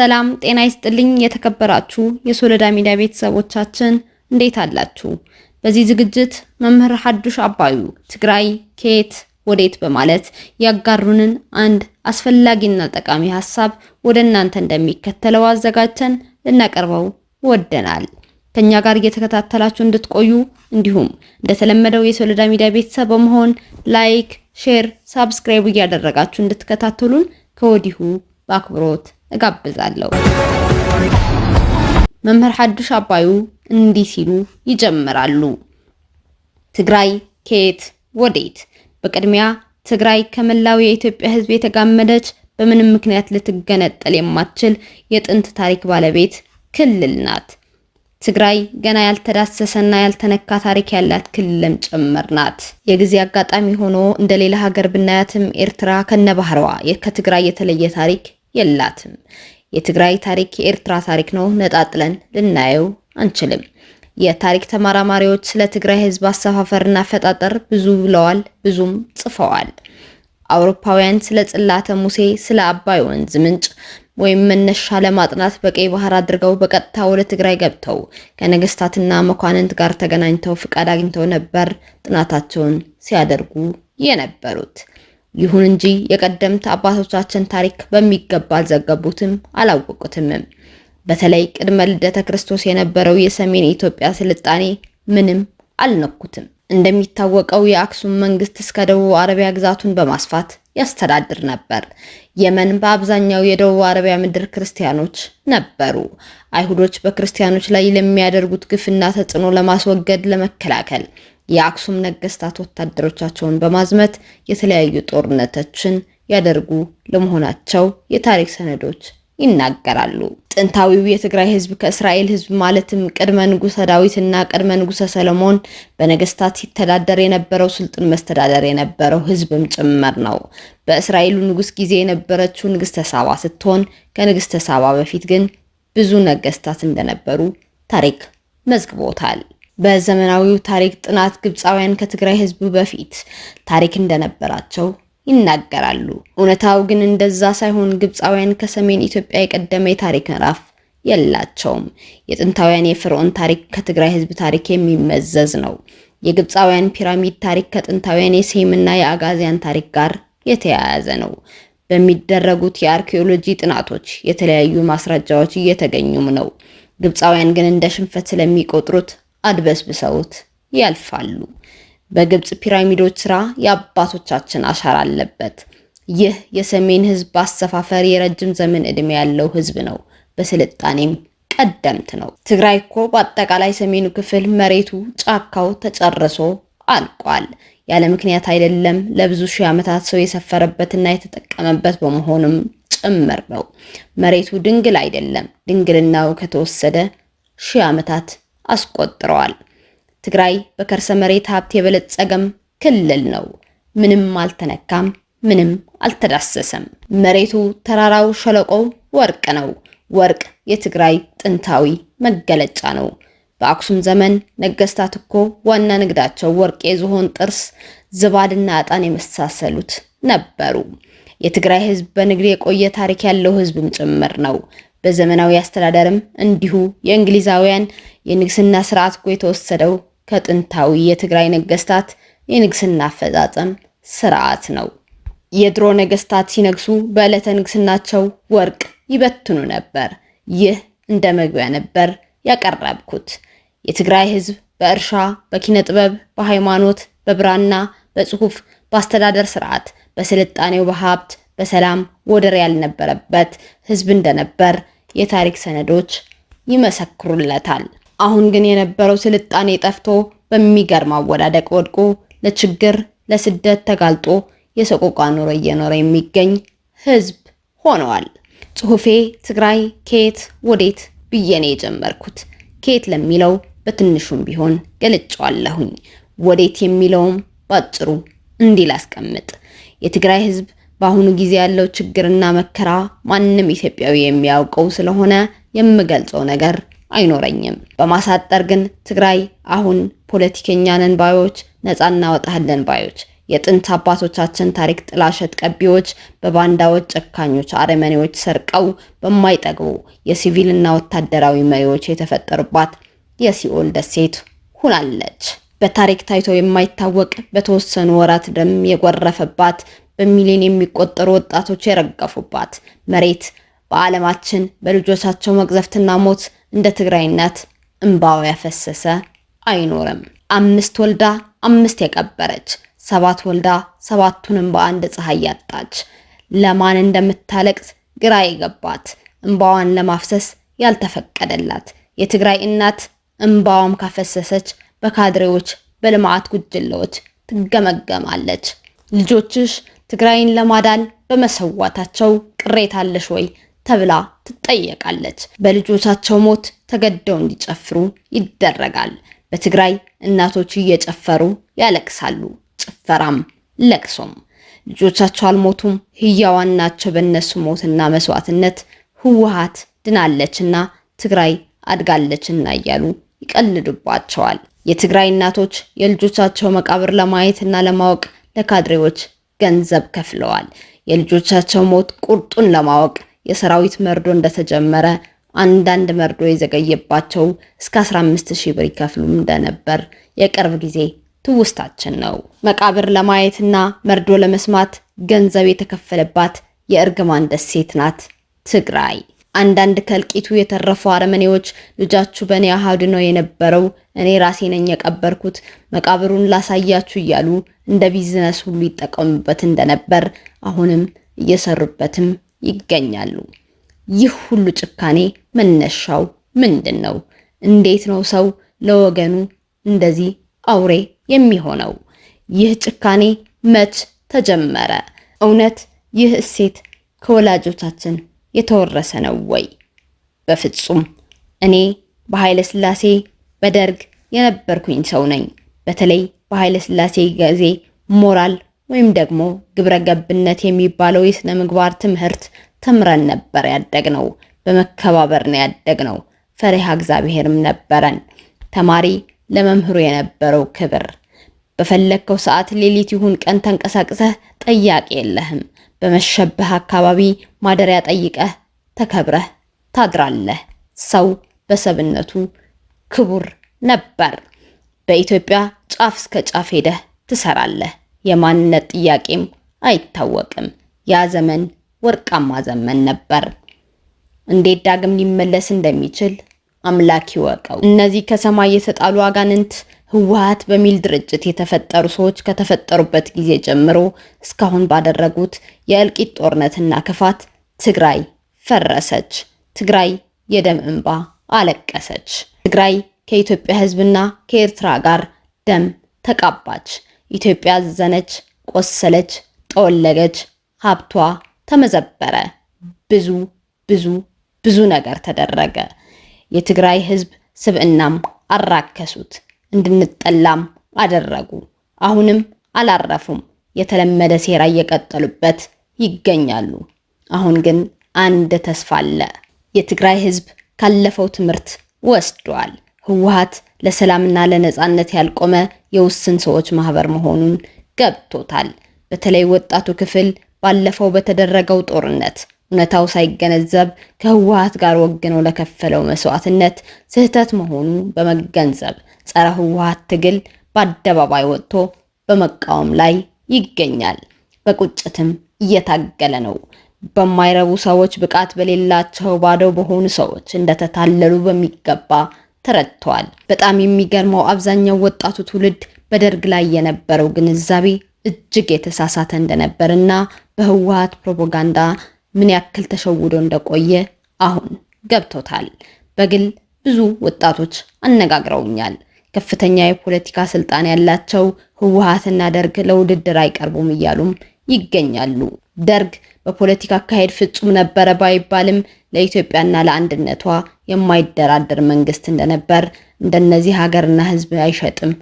ሰላም ጤና ይስጥልኝ። የተከበራችሁ የሶለዳ ሚዲያ ቤተሰቦቻችን እንዴት አላችሁ? በዚህ ዝግጅት መምህር ሀዱሽ አባዩ ትግራይ ከየት ወዴት በማለት ያጋሩንን አንድ አስፈላጊና ጠቃሚ ሀሳብ ወደ እናንተ እንደሚከተለው አዘጋጅተን ልናቀርበው ወደናል። ከኛ ጋር እየተከታተላችሁ እንድትቆዩ እንዲሁም እንደተለመደው የሶለዳ ሚዲያ ቤተሰብ በመሆን ላይክ፣ ሼር፣ ሳብስክራይብ እያደረጋችሁ እንድትከታተሉን ከወዲሁ በአክብሮት እጋብዛለሁ። መምህር ሐዱሽ አባዩ እንዲህ ሲሉ ይጀምራሉ። ትግራይ ከየት ወዴት? በቅድሚያ ትግራይ ከመላው የኢትዮጵያ ሕዝብ የተጋመደች በምንም ምክንያት ልትገነጠል የማትችል የጥንት ታሪክ ባለቤት ክልል ናት። ትግራይ ገና ያልተዳሰሰና ያልተነካ ታሪክ ያላት ክልልም ጭምር ናት። የጊዜ አጋጣሚ ሆኖ እንደሌላ ሀገር ብናያትም ኤርትራ ከነባህሯ ከትግራይ የተለየ ታሪክ የላትም። የትግራይ ታሪክ የኤርትራ ታሪክ ነው፣ ነጣጥለን ልናየው አንችልም። የታሪክ ተመራማሪዎች ስለ ትግራይ ህዝብ አሰፋፈርና አፈጣጠር ብዙ ብለዋል፣ ብዙም ጽፈዋል። አውሮፓውያን ስለ ጽላተ ሙሴ፣ ስለ አባይ ወንዝ ምንጭ ወይም መነሻ ለማጥናት በቀይ ባህር አድርገው በቀጥታ ወደ ትግራይ ገብተው ከነገስታትና መኳንንት ጋር ተገናኝተው ፍቃድ አግኝተው ነበር ጥናታቸውን ሲያደርጉ የነበሩት። ይሁን እንጂ የቀደምት አባቶቻችን ታሪክ በሚገባ አልዘገቡትም፣ አላወቁትም በተለይ ቅድመ ልደተ ክርስቶስ የነበረው የሰሜን ኢትዮጵያ ስልጣኔ ምንም አልነኩትም። እንደሚታወቀው የአክሱም መንግስት እስከ ደቡብ አረቢያ ግዛቱን በማስፋት ያስተዳድር ነበር። የመን በአብዛኛው የደቡብ አረቢያ ምድር ክርስቲያኖች ነበሩ። አይሁዶች በክርስቲያኖች ላይ ለሚያደርጉት ግፍና ተጽዕኖ ለማስወገድ፣ ለመከላከል የአክሱም ነገስታት ወታደሮቻቸውን በማዝመት የተለያዩ ጦርነቶችን ያደርጉ ለመሆናቸው የታሪክ ሰነዶች ይናገራሉ። ጥንታዊው የትግራይ ህዝብ ከእስራኤል ህዝብ ማለትም ቅድመ ንጉሰ ዳዊት እና ቅድመ ንጉሰ ሰለሞን በነገስታት ሲተዳደር የነበረው ስልጡን መስተዳደር የነበረው ህዝብም ጭምር ነው። በእስራኤሉ ንጉስ ጊዜ የነበረችው ንግስተ ሳባ ስትሆን ከንግስተ ሳባ በፊት ግን ብዙ ነገስታት እንደነበሩ ታሪክ መዝግቦታል። በዘመናዊው ታሪክ ጥናት ግብፃውያን ከትግራይ ህዝብ በፊት ታሪክ እንደነበራቸው ይናገራሉ። እውነታው ግን እንደዛ ሳይሆን ግብፃውያን ከሰሜን ኢትዮጵያ የቀደመ የታሪክ ምዕራፍ የላቸውም። የጥንታውያን የፍርዖን ታሪክ ከትግራይ ህዝብ ታሪክ የሚመዘዝ ነው። የግብፃውያን ፒራሚድ ታሪክ ከጥንታውያን የሴምና የአጋዚያን ታሪክ ጋር የተያያዘ ነው። በሚደረጉት የአርኪኦሎጂ ጥናቶች የተለያዩ ማስረጃዎች እየተገኙም ነው። ግብፃውያን ግን እንደ ሽንፈት ስለሚቆጥሩት አድበስብሰውት ያልፋሉ። በግብፅ ፒራሚዶች ስራ የአባቶቻችን አሻራ አለበት። ይህ የሰሜን ህዝብ በአሰፋፈር የረጅም ዘመን ዕድሜ ያለው ህዝብ ነው። በስልጣኔም ቀደምት ነው። ትግራይ እኮ በአጠቃላይ ሰሜኑ ክፍል መሬቱ፣ ጫካው ተጨርሶ አልቋል። ያለ ምክንያት አይደለም። ለብዙ ሺህ ዓመታት ሰው የሰፈረበትና የተጠቀመበት በመሆኑም ጭምር ነው። መሬቱ ድንግል አይደለም። ድንግልናው ከተወሰደ ሺህ ዓመታት አስቆጥረዋል። ትግራይ በከርሰ መሬት ሀብት የበለጸገም ክልል ነው። ምንም አልተነካም፣ ምንም አልተዳሰሰም። መሬቱ፣ ተራራው፣ ሸለቆው ወርቅ ነው። ወርቅ የትግራይ ጥንታዊ መገለጫ ነው። በአክሱም ዘመን ነገስታት እኮ ዋና ንግዳቸው ወርቅ፣ የዝሆን ጥርስ፣ ዝባድና ዕጣን የመሳሰሉት ነበሩ። የትግራይ ህዝብ በንግድ የቆየ ታሪክ ያለው ህዝብም ጭምር ነው። በዘመናዊ አስተዳደርም እንዲሁ የእንግሊዛውያን የንግስና ስርዓት እኮ የተወሰደው ከጥንታዊ የትግራይ ነገስታት የንግስና አፈጻጸም ስርዓት ነው። የድሮ ነገስታት ሲነግሱ በዕለተ ንግስናቸው ወርቅ ይበትኑ ነበር። ይህ እንደ መግቢያ ነበር ያቀረብኩት። የትግራይ ህዝብ በእርሻ፣ በኪነ ጥበብ፣ በሃይማኖት፣ በብራና፣ በጽሁፍ፣ በአስተዳደር ስርዓት፣ በስልጣኔው፣ በሀብት፣ በሰላም ወደር ያልነበረበት ህዝብ እንደነበር የታሪክ ሰነዶች ይመሰክሩለታል። አሁን ግን የነበረው ስልጣኔ ጠፍቶ በሚገርም አወዳደቅ ወድቆ ለችግር ለስደት ተጋልጦ የሰቆቃ ኑሮ እየኖረ የሚገኝ ህዝብ ሆነዋል። ጽሁፌ ትግራይ ከየት ወዴት ብዬኔ የጀመርኩት ከየት ለሚለው በትንሹም ቢሆን ገልጨዋለሁኝ። ወዴት የሚለውም ባጭሩ እንዲህ ላስቀምጥ። የትግራይ ህዝብ በአሁኑ ጊዜ ያለው ችግርና መከራ ማንም ኢትዮጵያዊ የሚያውቀው ስለሆነ የምገልጸው ነገር አይኖረኝም። በማሳጠር ግን ትግራይ አሁን ፖለቲከኛ ነን ባዮች፣ ነፃ እናወጣለን ባዮች፣ የጥንት አባቶቻችን ታሪክ ጥላሸት ቀቢዎች፣ በባንዳዎች፣ ጨካኞች፣ አረመኔዎች ሰርቀው በማይጠግቡ የሲቪልና ወታደራዊ መሪዎች የተፈጠሩባት የሲኦል ደሴት ሁናለች። በታሪክ ታይቶ የማይታወቅ በተወሰኑ ወራት ደም የጎረፈባት በሚሊዮን የሚቆጠሩ ወጣቶች የረገፉባት መሬት በዓለማችን በልጆቻቸው መቅዘፍትና ሞት እንደ ትግራይነት እንባው ያፈሰሰ አይኖርም። አምስት ወልዳ አምስት የቀበረች፣ ሰባት ወልዳ ሰባቱንም በአንድ ፀሐይ ያጣች፣ ለማን እንደምታለቅስ ግራ የገባት፣ እንባዋን ለማፍሰስ ያልተፈቀደላት የትግራይ እናት እምባዋም ካፈሰሰች በካድሬዎች በልማት ጉጅለዎች ትገመገማለች። ልጆችሽ ትግራይን ለማዳን በመሰዋታቸው ቅሬታ አለሽ ወይ ተብላ ትጠየቃለች። በልጆቻቸው ሞት ተገደው እንዲጨፍሩ ይደረጋል። በትግራይ እናቶች እየጨፈሩ ያለቅሳሉ። ጭፈራም ለቅሶም ልጆቻቸው አልሞቱም፣ ህያዋን ናቸው። በእነሱ ሞትና መስዋዕትነት ህወሓት ድናለችና ትግራይ አድጋለችና እያሉ ይቀልድባቸዋል። የትግራይ እናቶች የልጆቻቸው መቃብር ለማየትና ለማወቅ ለካድሬዎች ገንዘብ ከፍለዋል። የልጆቻቸው ሞት ቁርጡን ለማወቅ የሰራዊት መርዶ እንደተጀመረ አንዳንድ መርዶ የዘገየባቸው እስከ 15 ሺህ ብር ከፍሉ እንደነበር የቅርብ ጊዜ ትውስታችን ነው። መቃብር ለማየትና መርዶ ለመስማት ገንዘብ የተከፈለባት የእርግማን ደሴት ናት ትግራይ። አንዳንድ ከእልቂቱ የተረፉ አረመኔዎች ልጃችሁ በእኔ አሃዱ ነው የነበረው፣ እኔ ራሴ ነኝ የቀበርኩት፣ መቃብሩን ላሳያችሁ እያሉ እንደ ቢዝነስ ሁሉ ይጠቀሙበት እንደነበር አሁንም እየሰሩበትም ይገኛሉ። ይህ ሁሉ ጭካኔ መነሻው ምንድን ነው? እንዴት ነው ሰው ለወገኑ እንደዚህ አውሬ የሚሆነው? ይህ ጭካኔ መች ተጀመረ? እውነት ይህ እሴት ከወላጆቻችን የተወረሰ ነው ወይ? በፍጹም። እኔ በኃይለ ሥላሴ በደርግ የነበርኩኝ ሰው ነኝ። በተለይ በኃይለ ሥላሴ ጊዜ ሞራል ወይም ደግሞ ግብረ ገብነት የሚባለው የሥነ ምግባር ትምህርት ተምረን ነበር ያደግነው። በመከባበር ነው ነው። ፈሪሃ እግዚአብሔርም ነበረን። ተማሪ ለመምህሩ የነበረው ክብር፣ በፈለግከው ሰዓት ሌሊት ይሁን ቀን ተንቀሳቅሰህ ጠያቂ የለህም። በመሸብህ አካባቢ ማደሪያ ጠይቀህ ተከብረህ ታድራለህ። ሰው በሰብነቱ ክቡር ነበር። በኢትዮጵያ ጫፍ እስከ ጫፍ ሄደህ ትሰራለህ። የማንነት ጥያቄም አይታወቅም። ያ ዘመን ወርቃማ ዘመን ነበር። እንዴት ዳግም ሊመለስ እንደሚችል አምላክ ይወቀው። እነዚህ ከሰማይ የተጣሉ አጋንንት ህወሀት በሚል ድርጅት የተፈጠሩ ሰዎች ከተፈጠሩበት ጊዜ ጀምሮ እስካሁን ባደረጉት የእልቂት ጦርነትና ክፋት ትግራይ ፈረሰች፣ ትግራይ የደም እንባ አለቀሰች፣ ትግራይ ከኢትዮጵያ ሕዝብና ከኤርትራ ጋር ደም ተቃባች፣ ኢትዮጵያ አዘነች፣ ቆሰለች፣ ጠወለገች፣ ሀብቷ ተመዘበረ፣ ብዙ ብዙ ብዙ ነገር ተደረገ። የትግራይ ሕዝብ ስብዕናም አራከሱት፣ እንድንጠላም አደረጉ። አሁንም አላረፉም። የተለመደ ሴራ እየቀጠሉበት ይገኛሉ። አሁን ግን አንድ ተስፋ አለ። የትግራይ ህዝብ ካለፈው ትምህርት ወስዷል። ህወሓት ለሰላምና ለነጻነት ያልቆመ የውስን ሰዎች ማህበር መሆኑን ገብቶታል። በተለይ ወጣቱ ክፍል ባለፈው በተደረገው ጦርነት እውነታው ሳይገነዘብ ከህወሓት ጋር ወግነው ለከፈለው መስዋዕትነት ስህተት መሆኑ በመገንዘብ ጸረ ህወሓት ትግል በአደባባይ ወጥቶ በመቃወም ላይ ይገኛል። በቁጭትም እየታገለ ነው። በማይረቡ ሰዎች፣ ብቃት በሌላቸው ባዶ በሆኑ ሰዎች እንደተታለሉ በሚገባ ተረድተዋል። በጣም የሚገርመው አብዛኛው ወጣቱ ትውልድ በደርግ ላይ የነበረው ግንዛቤ እጅግ የተሳሳተ እንደነበር እና በህወሀት ፕሮፓጋንዳ ምን ያክል ተሸውዶ እንደቆየ አሁን ገብቶታል። በግል ብዙ ወጣቶች አነጋግረውኛል። ከፍተኛ የፖለቲካ ስልጣን ያላቸው ህወሀትና ደርግ ለውድድር አይቀርቡም እያሉም ይገኛሉ። ደርግ በፖለቲካ አካሄድ ፍጹም ነበረ ባይባልም ለኢትዮጵያና ለአንድነቷ የማይደራደር መንግስት እንደነበር እንደነዚህ ሀገርና ህዝብ አይሸጥም።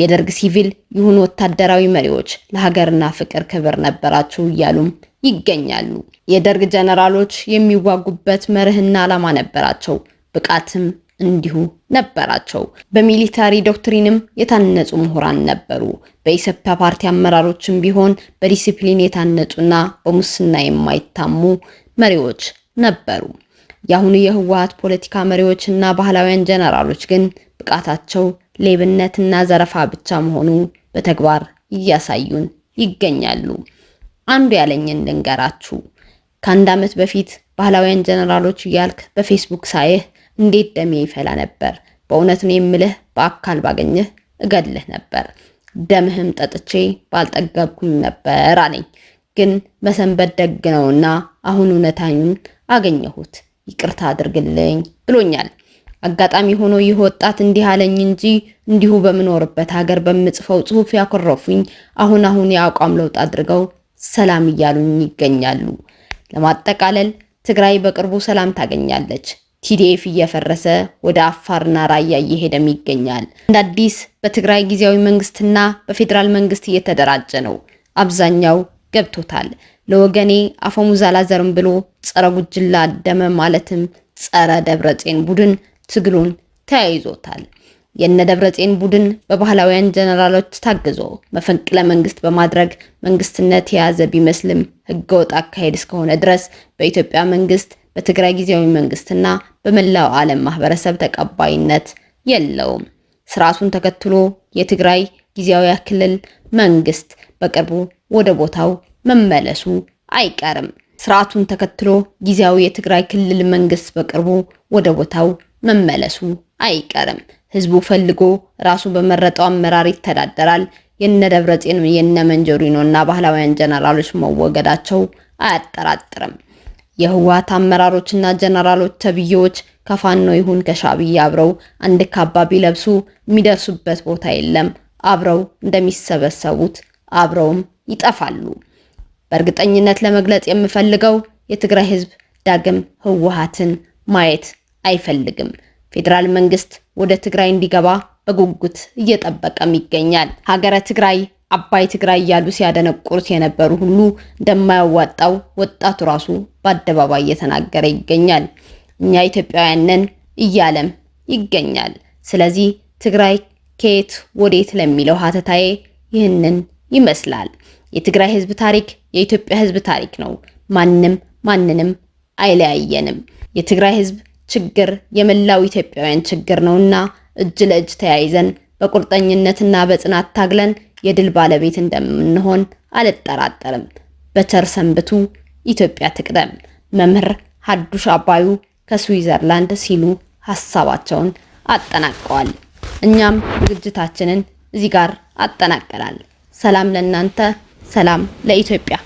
የደርግ ሲቪል ይሁን ወታደራዊ መሪዎች ለሀገርና ፍቅር ክብር ነበራቸው እያሉም ይገኛሉ። የደርግ ጀነራሎች የሚዋጉበት መርህና ዓላማ ነበራቸው፣ ብቃትም እንዲሁ ነበራቸው። በሚሊታሪ ዶክትሪንም የታነጹ ምሁራን ነበሩ። በኢሰፓ ፓርቲ አመራሮችም ቢሆን በዲሲፕሊን የታነጹና በሙስና የማይታሙ መሪዎች ነበሩ። የአሁኑ የህወሀት ፖለቲካ መሪዎችና ባህላውያን ጀነራሎች ግን ብቃታቸው ሌብነትና ዘረፋ ብቻ መሆኑ በተግባር እያሳዩን ይገኛሉ። አንዱ ያለኝን ልንገራችሁ። ከአንድ ዓመት በፊት ባህላውያን ጀነራሎች እያልክ በፌስቡክ ሳይህ እንዴት ደሜ ይፈላ ነበር! በእውነት ነው የምልህ፣ በአካል ባገኘህ እገድልህ ነበር፣ ደምህም ጠጥቼ ባልጠገብኩኝ ነበር አለኝ። ግን መሰንበት ደግ ነውና አሁን እውነታዩን አገኘሁት፣ ይቅርታ አድርግልኝ ብሎኛል። አጋጣሚ ሆኖ ይህ ወጣት እንዲህ አለኝ እንጂ እንዲሁ በምኖርበት ሀገር በምጽፈው ጽሁፍ ያኮረፉኝ አሁን አሁን የአቋም ለውጥ አድርገው ሰላም እያሉኝ ይገኛሉ። ለማጠቃለል ትግራይ በቅርቡ ሰላም ታገኛለች። ቲዲኤፍ እየፈረሰ ወደ አፋርና ራያ እየሄደም ይገኛል። እንደ አዲስ በትግራይ ጊዜያዊ መንግስትና በፌዴራል መንግስት እየተደራጀ ነው። አብዛኛው ገብቶታል። ለወገኔ አፈሙዝ አላዘርም ብሎ ጸረ ጉጅላ አደመ ማለትም ጸረ ደብረጼን ቡድን ትግሉን ተያይዞታል። የነ ደብረጼን ቡድን በባህላውያን ጀነራሎች ታግዞ መፈንቅለ መንግስት በማድረግ መንግስትነት የያዘ ቢመስልም ህገወጥ አካሄድ እስከሆነ ድረስ በኢትዮጵያ መንግስት በትግራይ ጊዜያዊ መንግስትና በመላው ዓለም ማህበረሰብ ተቀባይነት የለውም። ስርዓቱን ተከትሎ የትግራይ ጊዜያዊ ክልል መንግስት በቅርቡ ወደ ቦታው መመለሱ አይቀርም። ስርዓቱን ተከትሎ ጊዜያዊ የትግራይ ክልል መንግስት በቅርቡ ወደ ቦታው መመለሱ አይቀርም። ህዝቡ ፈልጎ ራሱ በመረጠው አመራር ይተዳደራል። የነ ደብረጽዮን የነ መንጀሪኖ እና ጀነራሎች መወገዳቸው አያጠራጥርም። የህወሓት አመራሮችና ጀነራሎች ተብዬዎች ከፋኖ ይሁን ከሻዕቢያ አብረው አንድ ካባ ቢለብሱ የሚደርሱበት ቦታ የለም። አብረው እንደሚሰበሰቡት አብረውም ይጠፋሉ። በእርግጠኝነት ለመግለጽ የምፈልገው የትግራይ ህዝብ ዳግም ህወሓትን ማየት አይፈልግም። ፌዴራል መንግስት ወደ ትግራይ እንዲገባ በጉጉት እየጠበቀም ይገኛል። ሀገረ ትግራይ አባይ ትግራይ እያሉ ሲያደነቁሩት የነበሩ ሁሉ እንደማያዋጣው ወጣቱ ራሱ በአደባባይ እየተናገረ ይገኛል። እኛ ኢትዮጵያውያን እያለም ይገኛል። ስለዚህ ትግራይ ከየት ወዴት ለሚለው ሀተታዬ ይህንን ይመስላል። የትግራይ ህዝብ ታሪክ የኢትዮጵያ ህዝብ ታሪክ ነው። ማንም ማንንም አይለያየንም። የትግራይ ህዝብ ችግር የመላው ኢትዮጵያውያን ችግር ነውና እጅ ለእጅ ተያይዘን በቁርጠኝነትና በጽናት ታግለን የድል ባለቤት እንደምንሆን አልጠራጠርም። በቸር ሰንብቱ። ኢትዮጵያ ትቅደም። መምህር ሀዱሽ አባዩ ከስዊዘርላንድ ሲሉ ሀሳባቸውን አጠናቀዋል። እኛም ዝግጅታችንን እዚህ ጋር አጠናቀናል። ሰላም ለእናንተ፣ ሰላም ለኢትዮጵያ።